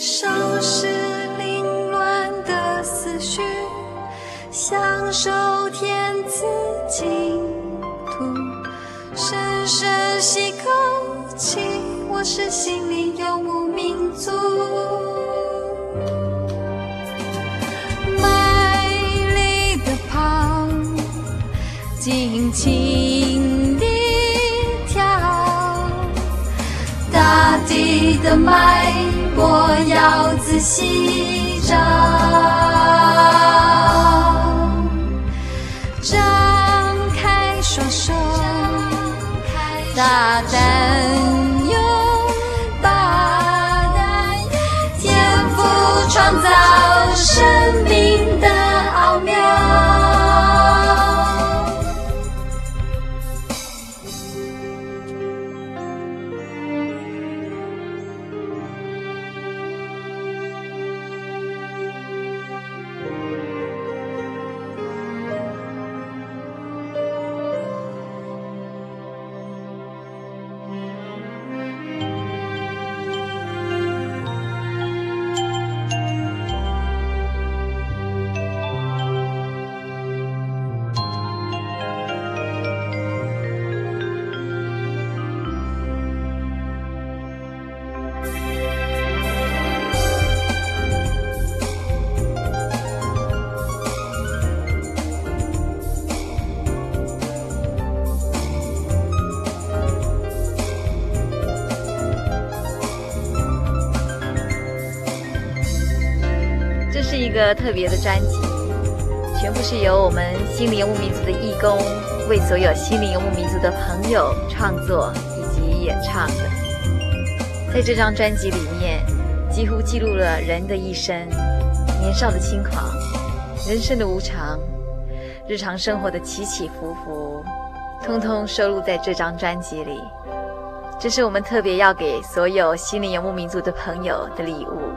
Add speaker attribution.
Speaker 1: 收拾凌亂的思緒，享受天賜淨土。深深吸口氣，我是心靈遊牧民族，邁力地跑，盡情。大地的脈
Speaker 2: 搏要
Speaker 1: 仔細找，張開雙手，大膽。
Speaker 2: 是一個特別的專輯，全部是由我們心靈遊牧民族的義工為所有心靈遊牧民族的朋友創作以及演唱的。在這張專輯裡面，幾乎記錄了人的一生，年少的輕狂，人生的無常，日常生活的起起伏伏，通通收錄在這張專輯裡。這是我們特別要給所有心靈遊牧民族的朋友的禮物。